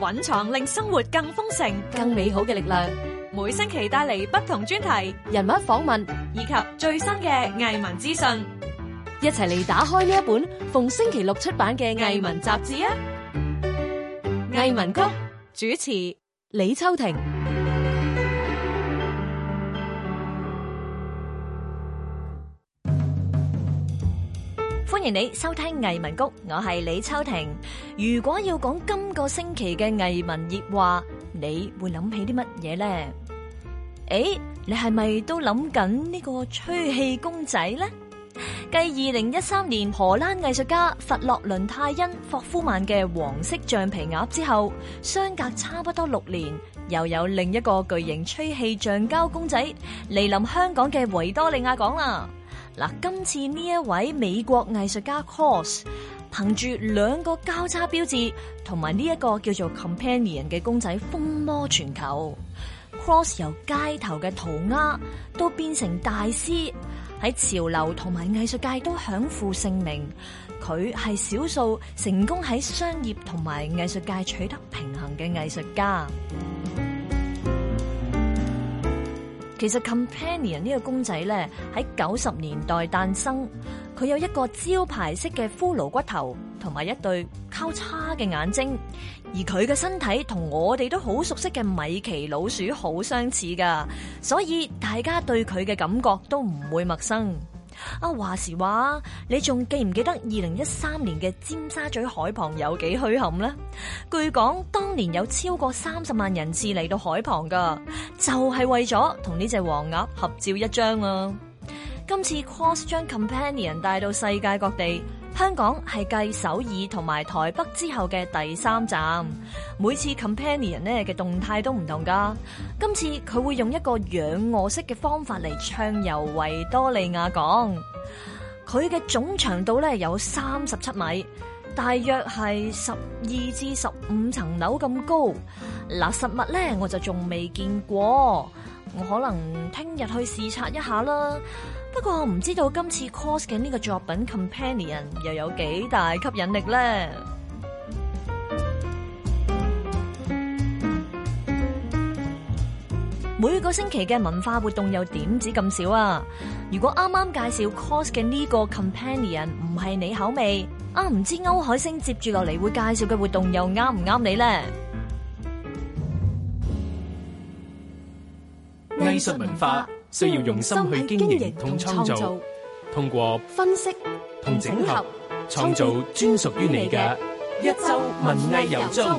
蘊藏令生活更豐盛、更美好嘅力量，每星期帶嚟不同專題、人物訪問以及最新嘅藝文資訊，一齊嚟打開呢一本逢星期六出版嘅藝文雜誌啊！藝文谷主持李秋婷。歡迎你收聽藝文谷，我係李秋婷。如果要講今個星期嘅藝文熱話，你會諗起啲乜嘢呢？誒，你係咪都諗緊呢個吹氣公仔呢？繼二零一三年荷蘭藝術家弗洛倫泰恩霍夫曼嘅黃色橡皮鴨之後，相隔差不多六年，又有另一個巨型吹氣橡膠公仔嚟臨香港嘅維多利亞港啦。嗱，今次呢一位美國藝術家 Cross 憑住兩個交叉標誌同埋呢一個叫做 Companion 嘅公仔，風靡全球。Cross 由街頭嘅塗鴉都變成大師，喺潮流同埋藝術界都享負盛名。佢係少數成功喺商業同埋藝術界取得平衡嘅藝術家。其實 Companion 呢個公仔咧，喺九十年代誕生，佢有一個招牌式嘅骷髏骨頭同埋一對交叉嘅眼睛，而佢嘅身體同我哋都好熟悉嘅米奇老鼠好相似㗎，所以大家對佢嘅感覺都唔會陌生。啊話時話，你仲記唔記得二零一三年嘅尖沙咀海旁有幾墟冚呢？據講當年有超過三十萬人次嚟到海旁噶，就係為咗同呢隻黃鴨合照一張啊！今次 cross 將 companion 帶到世界各地。香港係計首爾同埋台北之後嘅第三站，每次 company 人咧嘅動態都唔同噶。今次佢會用一個仰臥式嘅方法嚟暢遊維多利亞港，佢嘅總長度咧有三十七米，大約係十二至十五層樓咁高。嗱，實物咧我就仲未見過。我可能聽日去視察一下啦，不過唔知道今次 cos 嘅呢個作品 companion 又有幾大吸引力咧？ 每個星期嘅文化活動又點止咁少啊？如果啱啱介紹 cos 嘅呢個 companion 唔係你口味，啱、啊、唔知歐海星接住落嚟會介紹嘅活動又啱唔啱你咧？藝術文化需要用心去經營同創造，通過分析同整合，創造專屬於你嘅一周文藝遊蹤。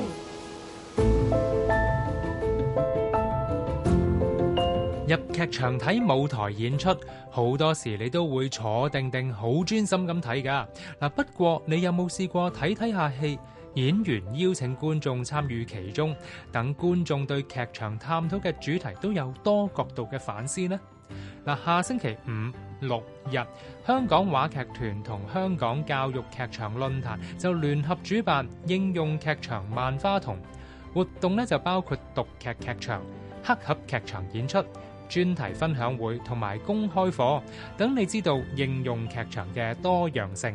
入劇場睇舞台演出，好多時你都會坐定定好專心咁睇㗎。嗱，不過你有冇試過睇睇下戲？演員邀請觀眾參與其中，等觀眾對劇場探討嘅主題都有多角度嘅反思呢。嗱，下星期五六日，香港話劇團同香港教育劇場論壇就聯合主辦應用劇場萬花筒活動咧，就包括獨劇劇場、黑盒劇場演出、專題分享會同埋公開課，等你知道應用劇場嘅多樣性。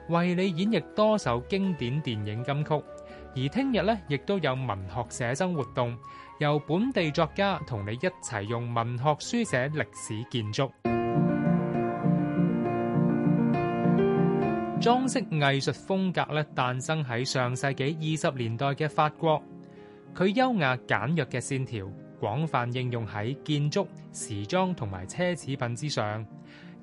為你演繹多首經典電影金曲，而聽日呢亦都有文學寫生活動，由本地作家同你一齊用文學書寫歷史建築。裝飾藝術風格呢誕生喺上世紀二十年代嘅法國，佢優雅簡約嘅線條，廣泛應用喺建築、時裝同埋奢侈品之上。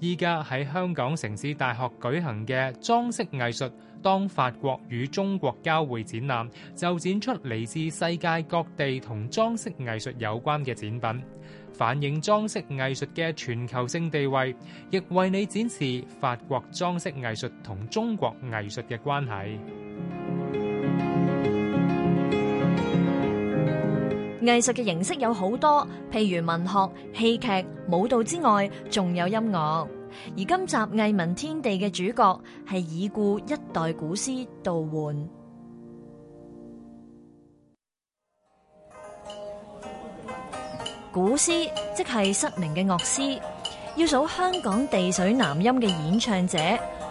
依家喺香港城市大學舉行嘅裝飾藝術：當法國與中國交會展覽，就展出嚟自世界各地同裝飾藝術有關嘅展品，反映裝飾藝術嘅全球性地位，亦為你展示法國裝飾藝術同中國藝術嘅關係。藝術嘅形式有好多，譬如文學、戲劇、舞蹈之外，仲有音樂。而今集藝文天地嘅主角係已故一代瞽師杜煥。瞽師即係失明嘅樂師，要數香港地水南音嘅演唱者，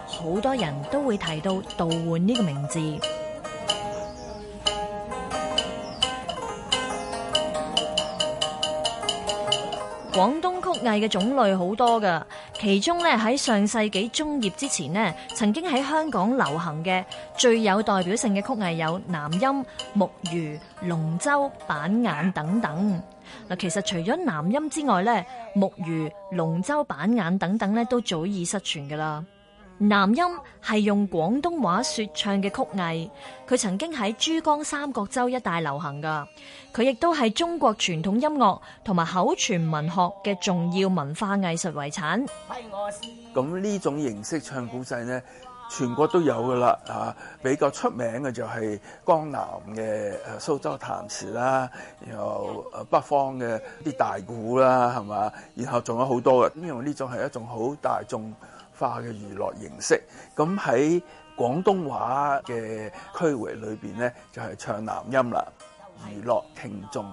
好多人都會提到杜煥呢個名字。廣東曲藝嘅種類好多噶其中咧，喺上世紀中葉之前呢，曾經喺香港流行嘅最有代表性嘅曲藝有南音、木魚、龍舟、板眼等等。嗱，其實除咗南音之外咧，木魚、龍舟、板眼等等咧，都早已失傳噶啦。南音係用廣東話說唱嘅曲藝，佢曾經喺珠江三角洲一帶流行噶佢亦都係中國傳統音樂同埋口傳文學嘅重要文化藝術遺產。咁呢種形式唱古仔呢，全國都有噶啦吓、啊、比較出名嘅就係江南嘅誒蘇州彈詞啦，然後北方嘅啲大鼓啦，係嘛？然後仲有好多嘅，因爲呢種係一種好大眾化嘅娛樂形式，咁喺廣東話嘅區域裏邊呢，就係、是、唱南音啦，娛樂聽眾，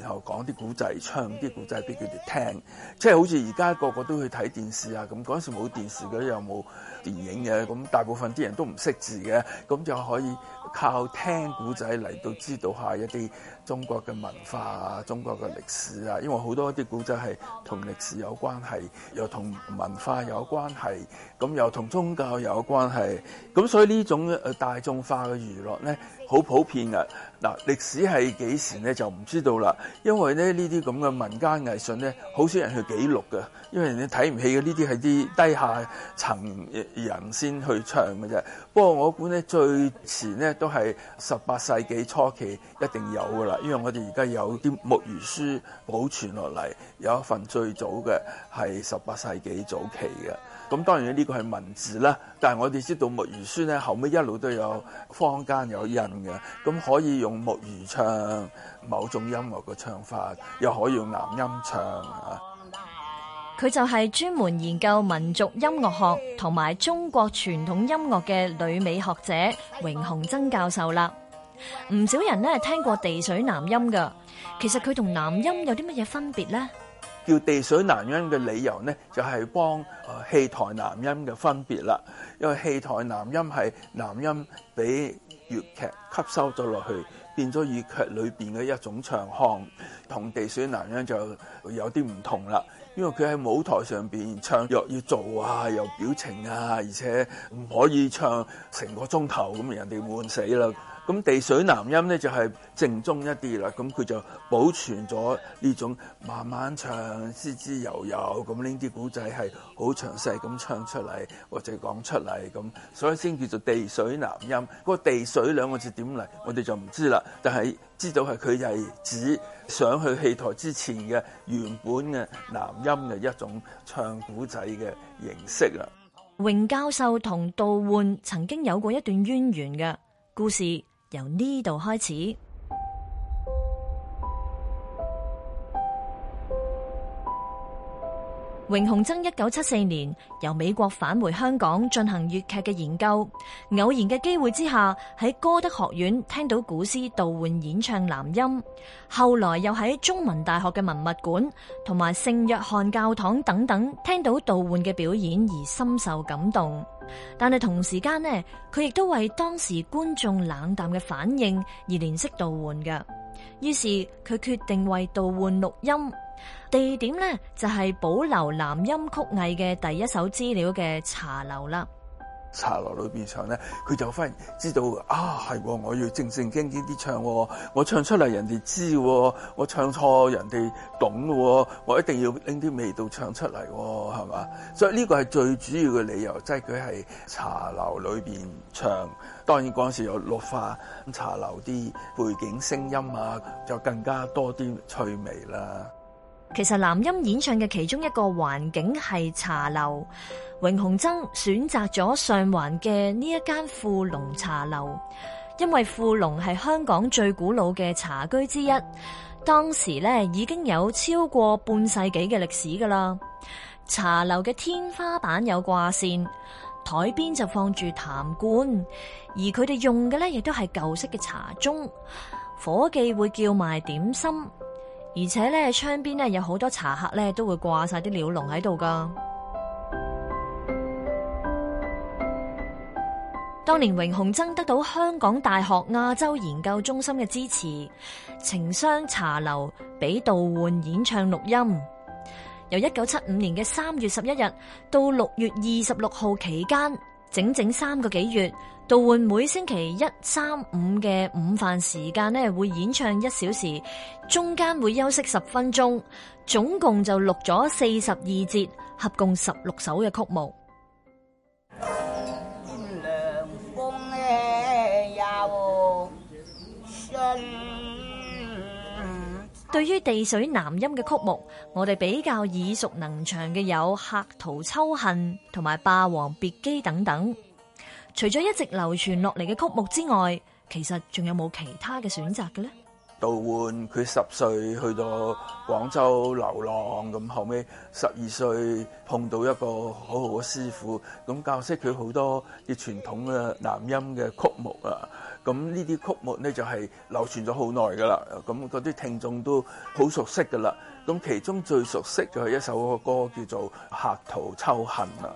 然後講啲古仔，唱啲古仔俾佢哋聽，即係好似而家個個都去睇電視啊，咁嗰陣時冇電視嘅又冇電影嘅，咁大部分啲人都唔識字嘅，咁就可以靠聽古仔嚟到知道下一啲。中國嘅文化啊，中國嘅歷史啊，因為好多啲古仔係同歷史有關係，又同文化有關係，咁又同宗教有關係，咁所以呢種誒大眾化嘅娛樂咧，好普遍嘅。嗱，歷史係幾時咧就唔知道啦，因為咧呢啲咁嘅民間藝術咧，好少人去記錄嘅，因為人哋睇唔起嘅呢啲係啲低下層人先去唱嘅啫。不過我估咧最遲咧都係十八世紀初期一定有噶啦。因為我哋而家有啲木魚書保存落嚟，有一份最早嘅係十八世紀早期嘅。咁當然呢個係文字啦，但係我哋知道木魚書呢，後尾一路都有坊間有印嘅，咁可以用木魚唱某種音樂嘅唱法，又可以用南音唱。佢就係專門研究民族音樂學同埋中國傳統音樂嘅旅美學者榮鴻曾教授啦。唔少人咧聽過地水南音噶，其實佢同南音有啲乜嘢分別咧？叫地水南音嘅理由咧，就係、是、幫戲台南音嘅分別啦。因為戲台南音係南音俾粵劇吸收咗落去，變咗粵劇裏邊嘅一種唱腔，同地水南音就有啲唔同啦。因為佢喺舞台上邊唱，又要做啊，有表情啊，而且唔可以唱成個鐘頭咁，人哋悶死啦。咁地水南音呢，就係正宗一啲啦，咁佢就保存咗呢種慢慢唱、絲絲悠悠咁，呢啲古仔係好詳細咁唱出嚟或者講出嚟咁，所以先叫做地水南音。個地水兩個字點嚟？我哋就唔知啦，但係知道係佢係指上去戲台之前嘅原本嘅南音嘅一種唱古仔嘅形式啦。榮教授同杜煥曾經有過一段淵源嘅故事。由呢度開始。榮鴻曾一九七四年由美國返回香港進行粵劇嘅研究，偶然嘅機會之下喺歌德學院聽到瞽師杜煥演唱南音，後來又喺中文大學嘅文物館同埋聖約翰教堂等等聽到杜煥嘅表演而深受感動，但係同時間呢，佢亦都為當時觀眾冷淡嘅反應而憐惜杜煥嘅，於是佢決定為杜煥錄音。地點咧就係、是、保留南音曲藝嘅第一手資料嘅茶樓啦。茶樓裏邊唱咧，佢就反而知道啊，係我要正正經經啲唱、哦，我唱出嚟人哋知、哦，我唱錯人哋懂喎、哦，我一定要拎啲味道唱出嚟、哦，係嘛？所以呢個係最主要嘅理由，即係佢係茶樓裏邊唱。當然嗰陣時有落化茶樓啲背景聲音啊，就更加多啲趣味啦。其實南音演唱嘅其中一個環境係茶樓，榮鴻曾選擇咗上環嘅呢一間富隆茶樓，因為富隆係香港最古老嘅茶居之一，當時咧已經有超過半世紀嘅歷史噶啦。茶樓嘅天花板有掛線，台邊就放住痰罐，而佢哋用嘅咧亦都係舊式嘅茶盅，伙計會叫賣點心。而且咧，窗邊咧有好多茶客咧，都會掛晒啲鳥籠喺度噶。當年榮鴻曾得到香港大學亞洲研究中心嘅支持，情商茶樓俾杜煥演唱錄音，由一九七五年嘅三月十一日到六月二十六號期間。整整三個幾月，杜煥每星期一、三、五嘅午飯時間會演唱一小時，中間會休息十分鐘，總共就錄咗四十二節，合共十六首嘅曲目。對於地水南音嘅曲目，我哋比較耳熟能詳嘅有《客途秋恨》同埋《霸王別姬》等等。除咗一直流傳落嚟嘅曲目之外，其實仲有冇其他嘅選擇嘅呢？渡換佢十歲去到廣州流浪，咁後尾十二歲碰到一個很好好嘅師傅，咁教識佢好多啲傳統嘅南音嘅曲目啊。咁呢啲曲目呢，就係、是、流傳咗好耐㗎啦。咁嗰啲聽眾都好熟悉㗎啦。咁其中最熟悉就係一首歌叫做《客途秋恨》啊。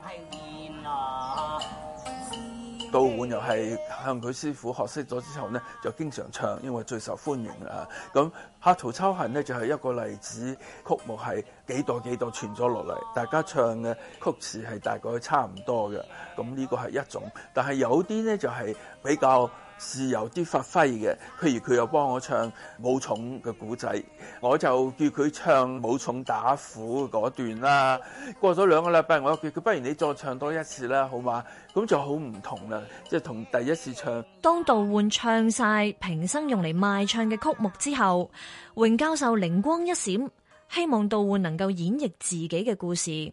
杜煥又係向佢師傅學識咗之後呢，就經常唱，因為最受歡迎啦、啊。咁《客途秋恨》呢，就係、是、一個例子，曲目係幾代幾代傳咗落嚟，大家唱嘅曲詞係大概差唔多嘅。咁呢個係一種，但係有啲呢，就係、是、比較。是有啲發揮嘅，譬如佢又幫我唱武松嘅古仔，我就叫佢唱武松打虎嗰段啦。過咗兩個禮拜，我就叫佢不如你再唱多一次啦，好嘛？咁就好唔同啦，即係同第一次唱。當杜煥唱晒平生用嚟賣唱嘅曲目之後，榮教授靈光一閃，希望杜煥能夠演繹自己嘅故事。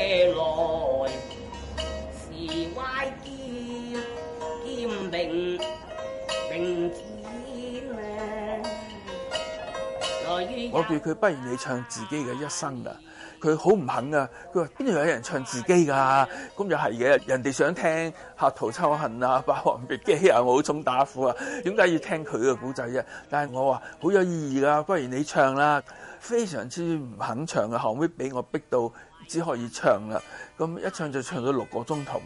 我叫佢不如你唱自己嘅一生啊！佢好唔肯啊！佢話邊度有人唱自己噶、啊？咁又係嘅，人哋想聽《客途秋恨》啊，《霸王別姬》啊，《武松打虎》啊，點解要聽佢嘅古仔啫？但係我話好有意義噶，不如你唱啦。非常之唔肯唱啊，後尾俾我逼到只可以唱啦。咁一唱就唱到六個鐘頭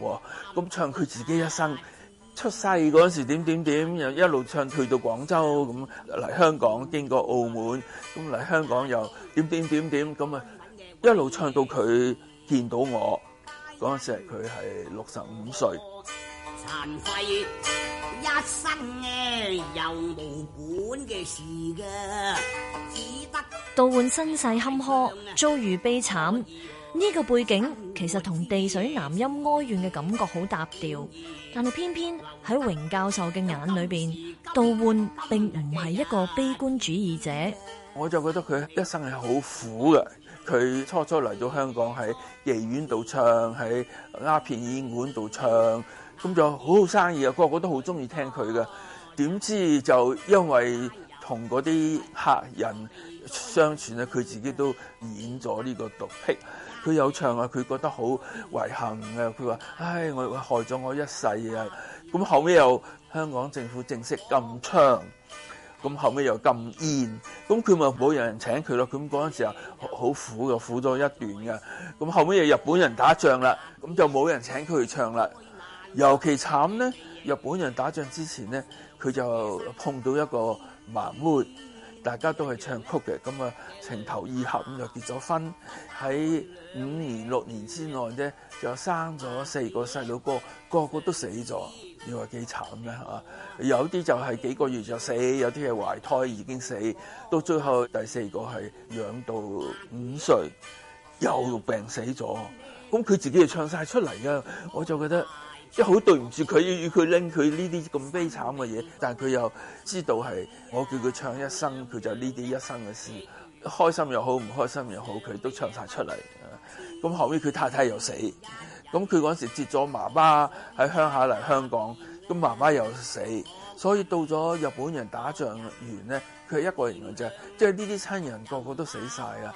喎，咁唱佢自己一生。出世嗰時點點點，又一路唱退到廣州，咁嚟香港，經過澳門，咁嚟香港又點點點點，咁啊一路唱到佢見到我嗰陣時佢係六十五歲。殘廢一生，又冇本嘅事㗎。只得杜煥身世坎坷，遭遇悲慘。呢個背景其實同地水南音哀怨嘅感覺好搭調，但係偏偏喺榮教授嘅眼裏邊，杜煥並唔係一個悲觀主義者。我就覺得佢一生係好苦嘅，佢初初嚟到香港喺妓院度唱，喺鴉片煙館度唱，咁就好好生意啊，個個都好中意聽佢嘅。點知就因為同嗰啲客人相處咧，佢自己都染咗呢個毒癖。佢有唱啊，佢覺得好遺憾啊！佢話：唉，我害咗我一世啊！咁後尾又香港政府正式禁唱，咁後尾又禁煙，咁佢咪冇人請佢咯？咁嗰陣時候好苦嘅，苦咗一段嘅。咁後尾又日本人打仗啦，咁就冇人請佢去唱啦。尤其慘呢，日本人打仗之前呢，佢就碰到一個盲妹。大家都係唱曲嘅，咁啊情投意合咁就結咗婚。喺五年六年之內啫，就生咗四個細佬哥，個個都死咗。你話幾慘咧嚇？有啲就係幾個月就死，有啲係懷胎已經死。到最後第四個係養到五歲，又病死咗。咁佢自己就唱晒出嚟嘅，我就覺得。即好對唔住佢，要佢拎佢呢啲咁悲慘嘅嘢，但係佢又知道係我叫佢唱一生，佢就呢啲一生嘅事，開心又好，唔開心又好，佢都唱晒出嚟。咁後尾，佢太太又死，咁佢嗰時接咗媽媽喺鄉下嚟香港，咁媽媽又死，所以到咗日本人打仗完呢，佢係一個人嘅啫，即係呢啲親人個個都死晒啊！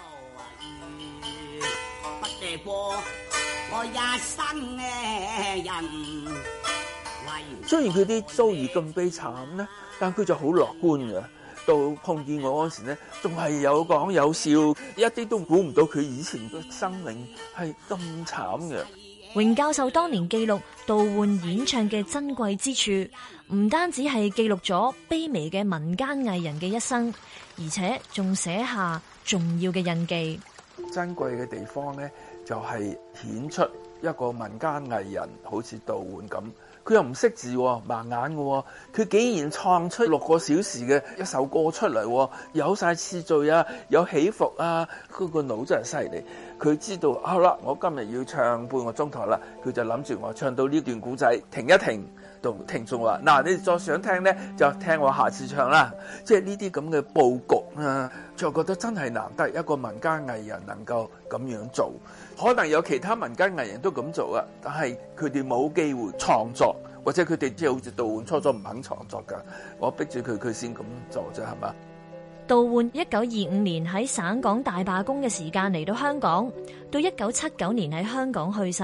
我一生嘅人，雖然佢啲遭遇咁悲慘咧，但佢就好樂觀嘅。到碰見我嗰陣時咧，仲係有講有笑，一啲都估唔到佢以前嘅生命係咁慘嘅。榮教授當年記錄杜煥演唱嘅珍貴之處，唔單止係記錄咗卑微嘅民間藝人嘅一生，而且仲寫下重要嘅印記。珍貴嘅地方咧。就係顯出一個民間藝人，好似杜煥咁，佢又唔識字，盲眼嘅，佢竟然創出六個小時嘅一首歌出嚟，有晒次序啊，有起伏啊，佢個腦真係犀利。佢知道，好啦，我今日要唱半個鐘頭啦，佢就諗住我唱到呢段古仔停一停。同聽眾話：嗱，你們再想聽咧，就聽我下次唱啦。即係呢啲咁嘅佈局啊，就覺得真係難得一個民間藝人能夠咁樣做。可能有其他民間藝人都咁做啊，但係佢哋冇機會創作，或者佢哋即係好似杜煥初初唔肯創作噶，我逼住佢，佢先咁做啫，係嘛？杜煥一九二五年喺省港大罷工嘅時間嚟到香港，到一九七九年喺香港去世。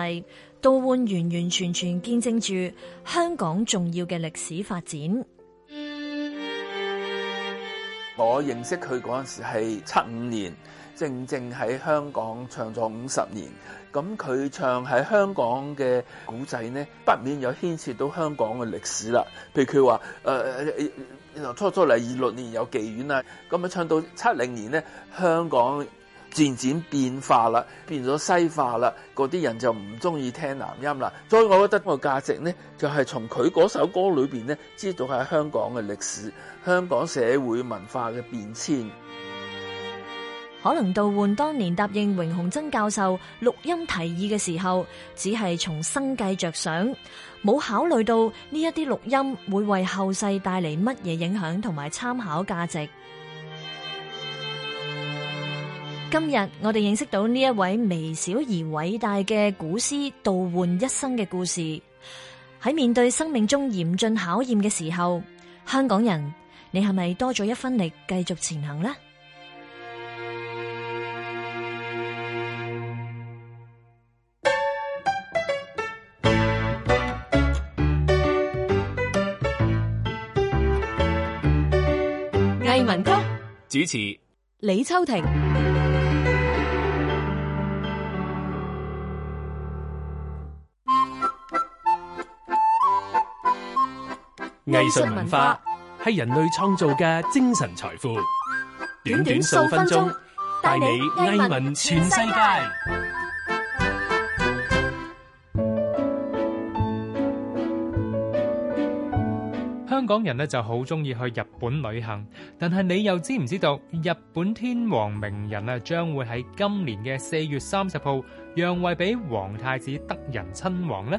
杜煥完完全全見證住香港重要嘅歷史發展。我認識佢嗰陣時係七五年，正正喺香港唱咗五十年。咁佢唱喺香港嘅古仔呢，不免有牽涉到香港嘅歷史啦。譬如佢話，誒、呃，由初初嚟二六年有妓院啦，咁啊唱到七零年呢，香港漸漸變化啦，變咗西化啦，嗰啲人就唔中意聽南音啦。所以，我覺得個價值呢，就係、是、從佢嗰首歌裏邊呢，知道係香港嘅歷史、香港社會文化嘅變遷。可能杜煥當年答應榮鴻曾教授錄音提議嘅時候，只係從生計着想，冇考慮到呢一啲錄音會為後世帶嚟乜嘢影響同埋參考價值。今日我哋認識到呢一位微小而偉大嘅瞽師，杜煥一生嘅故事。喺面對生命中嚴峻考驗嘅時候，香港人，你係咪多咗一分力繼續前行呢？藝文谷主持李秋婷。藝術文化係人類創造嘅精神財富。短短數分鐘，帶你藝聞全世界。香港人咧就好鍾意去日本旅行，但係你又知唔知道日本天皇明仁呀，將會喺今年嘅四月三十號讓位俾皇太子德仁親王呢？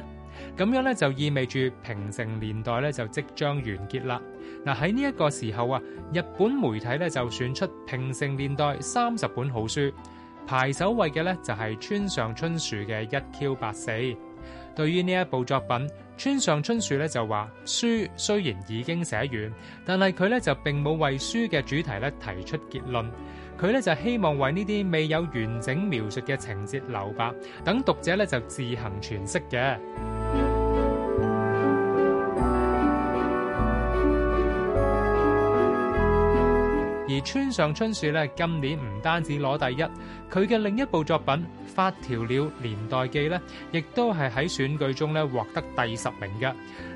咁樣咧就意味住平成年代咧就即將完結啦。嗱，喺呢一個時候啊，日本媒體咧就選出平成年代三十本好書，排首位嘅咧就係村上春樹嘅《一 Q 八四》。對於呢一部作品，村上春樹咧就話：書雖然已經寫完，但係佢咧就並冇為書嘅主題咧提出結論。佢咧就希望為呢啲未有完整描述嘅情節留白，等讀者咧就自行詮釋嘅。而村上春樹咧，今年唔單止攞第一，佢嘅另一部作品《發條鳥年代記》咧，亦都係喺選舉中咧獲得第十名嘅。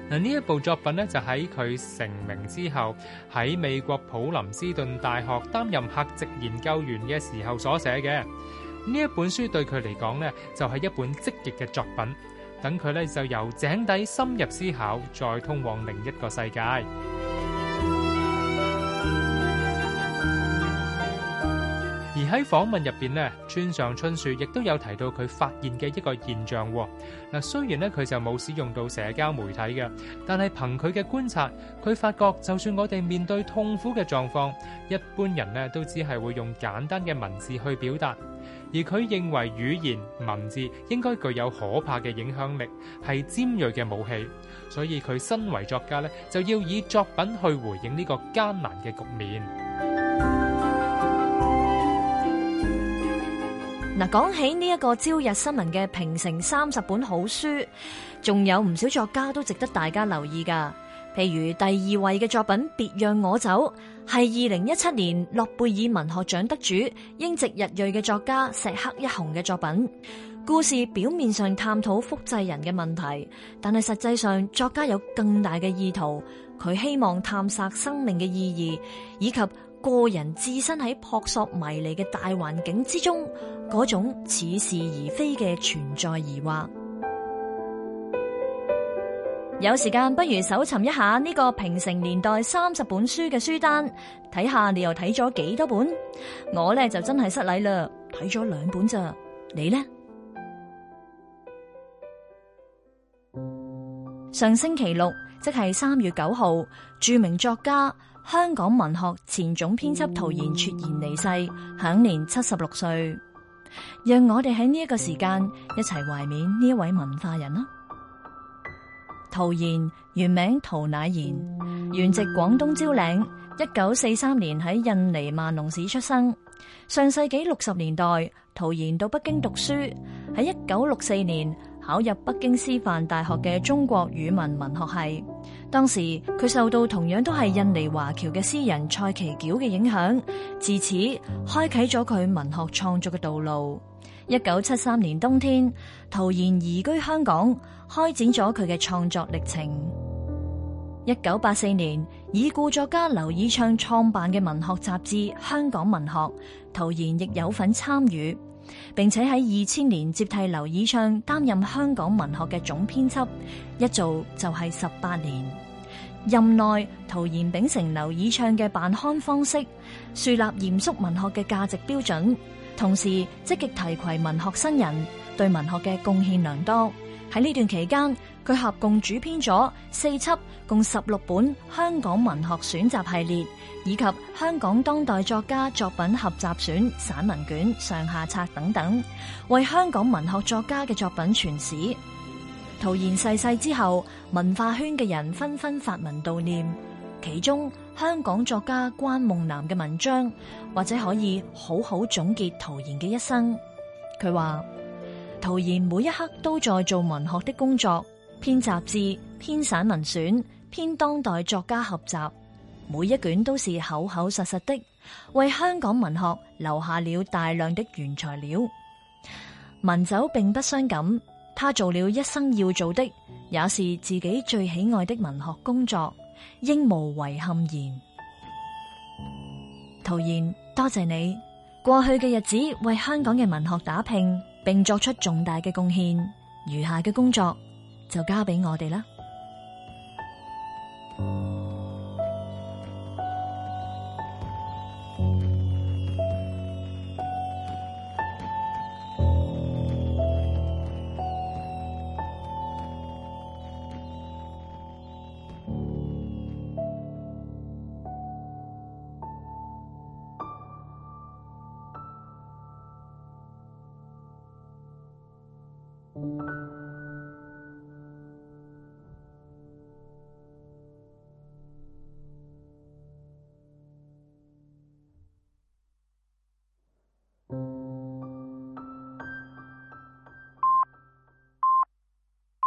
嗱，呢一部作品咧就喺佢成名之後，喺美國普林斯頓大學擔任客席研究員嘅時候所寫嘅。呢一本書對佢嚟講咧，就係、是、一本積極嘅作品，等佢咧就由井底深入思考，再通往另一個世界。喺訪問入邊咧，村上春樹亦都有提到佢發現嘅一個現象。嗱，雖然咧佢就冇使用到社交媒體嘅，但係憑佢嘅觀察，佢發覺就算我哋面對痛苦嘅狀況，一般人咧都只係會用簡單嘅文字去表達。而佢認為語言文字應該具有可怕嘅影響力，係尖銳嘅武器。所以佢身為作家咧，就要以作品去回應呢個艱難嘅局面。嗱，講起呢一個朝日新聞嘅平成三十本好書，仲有唔少作家都值得大家留意㗎。譬如第二位嘅作品《別讓我走》，係二零一七年諾貝爾文學獎得主英籍日裔嘅作家石黑一雄嘅作品。故事表面上探討複製人嘅問題，但係實際上作家有更大嘅意圖，佢希望探索生命嘅意義以及。個人置身喺撲朔迷離嘅大環境之中，嗰種似是而非嘅存在疑惑。有時間不如搜尋一下呢個平成年代三十本書嘅書單，睇下你又睇咗幾多本？我呢就真係失禮啦，睇咗兩本咋？你呢？上星期六，即係三月九號，著名作家，香港文學前總編輯陶然猝然離世，享年七十六歲。讓我哋喺呢一個時間一齊懷念呢一位文化人。陶然原名陶乃賢，原籍廣東蕉嶺，一九四三年喺印尼萬隆市出生。上世紀六十年代，陶然到北京讀書，喺一九六四年考入北京師範大學嘅中國語文文學系。當時佢受到同樣都係印尼華僑嘅詩人蔡其矯嘅影響，自此開啟咗佢文學創作嘅道路。一九七三年冬天，陶然移居香港，開展咗佢嘅創作歷程。一九八四年，已故作家劉以鬯創，創辦嘅文學雜誌《香港文學》，陶然亦有份參與，並且喺二千年接替劉以鬯擔任《香港文學》嘅總編輯，一做就係十八年。任內陶然秉承劉以鬯嘅辦刊方式，樹立嚴肅文學嘅價值標準，同時積極提携文學新人，對文學嘅貢獻良多。喺呢段期間，佢合共主編咗四輯共十六本香港文學選集系列，以及香港當代作家作品合集選散文卷上下冊等等，為香港文學作家嘅作品存史。陶然逝世之後，文化圈嘅人紛紛發文悼念，其中香港作家關夢南嘅文章，或者可以好好總結陶然嘅一生。佢話：陶然每一刻都在做文學的工作，編雜誌、編散文選、編當代作家合集，每一卷都是厚厚實實的，為香港文學留下了大量的原材料。文酒並不傷感。他做了一生要做的，也是自己最喜愛的文學工作，應無遺憾言。陶然，多謝你過去嘅日子為香港嘅文學打拼，並作出重大嘅貢獻。餘下嘅工作就交俾我哋啦。